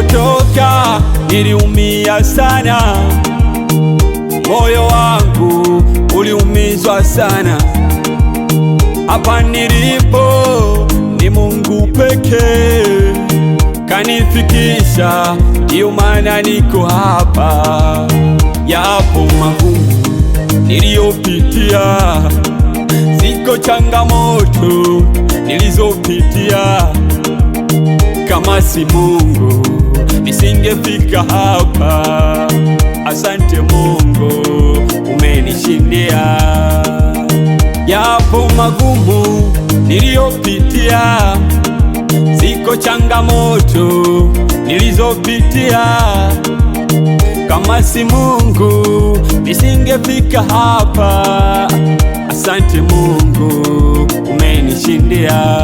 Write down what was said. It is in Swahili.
nilikotoka niliumia sana, moyo wangu uliumizwa sana. Hapa nilipo ni Mungu pekee kanifikisha, ndiyo maana niko hapa. Yapo magumu niliyopitia, ziko changamoto nilizopitia, kama si Mungu ningefika hapa. Asante Mungu, umenishindia yapo magumu niliyopitia, ziko changamoto nilizopitia. Kama si Mungu nisingefika hapa. Asante Mungu, umenishindia.